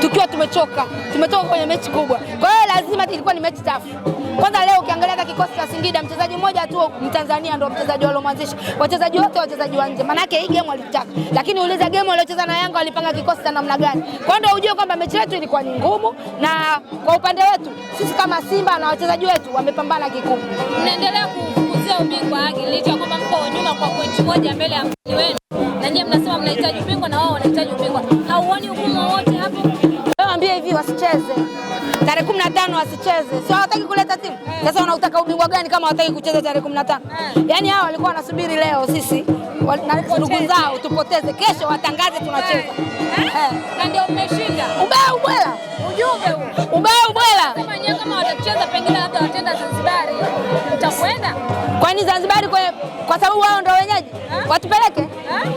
tukiwa tumechoka, tumetoka kwenye mechi kubwa, kwa hiyo lazima ilikuwa ni mechi tafu. Kwanza leo ukiangalia hata kikosi cha Singida, mchezaji mmoja tu Mtanzania ndio mchezaji walomwanzisha, wachezaji wote wachezaji wa nje, maanake hii game walitaka, lakini uliza game waliocheza na Yanga walipanga kikosi cha namna gani? Kwa ndio ujue kwamba mechi yetu ilikuwa ni ngumu, na kwa upande wetu sisi kama Simba na wachezaji wetu wamepambana kikubwa. Mnaendelea kufukuzia ubingwa hagi licha kwamba mko nyuma kwa pointi moja mbele ya mpinzani wenu, na nyinyi mnasema mnahitaji ubingwa na wao wanahitaji ubingwa. tarehe 15 wasicheze, sio? Hawataki kuleta timu eh. sasa. Wanautaka ubingwa gani kama hawataki kucheza tarehe 15? Eh. Yaani hao walikuwa wanasubiri leo sisi ndugu zao tupoteze, kesho watangaze tunacheza, eh. na ndio umeshinda ubea ubwela, ujumbe huu ubea ubwela. Kama nyewe kama watacheza pengine hata watenda Zanzibar, mtakwenda kwani Zanzibar kwa, kwa sababu wao ndio wenyeji, watupeleke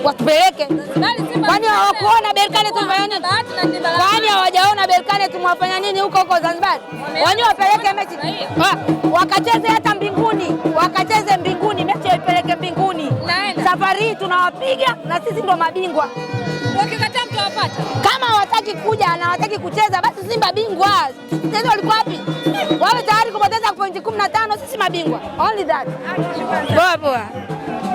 watupeleke, kwani hawakuona Berkane tufanye nini? na Berkane tumewafanya nini huko huko Zanzibar? Wenyewe wapeleke mechi wakacheze hata mbinguni, wakacheze mbinguni, mechi waipeleke mbinguni. Safari hii tunawapiga na sisi ndo mabingwa. Wakikataa mtawapata. Kama hawataki kuja na hawataki kucheza, basi Simba bingwa. Sasa walikuwa wapi? Wawe tayari kupoteza pointi 15, sisi mabingwa. Only that. Ah, poa poa.